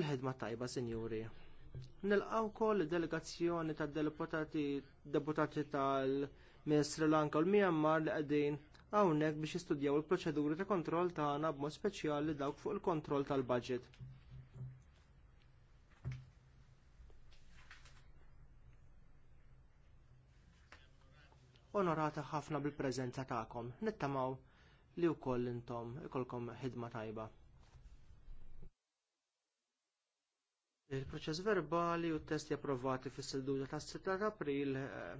il-ħidma tajba, sinjuri. Nilqaw kol delegazzjoni tad deputati deputati tal-Min Sri Lanka u l-Myanmar li qegħdin hawnhekk biex jistudjaw il-proċeduri ta' kontroll tagħna b'mod speċjali dawk fuq il-kontroll tal-budget. Onorata ħafna bil-preżenza tagħkom. Nittamaw li wkoll intom ikolkom ħidma tajba. Il-proċess verbali u t-testi approvati fis seduta tas 6 ta' april eh,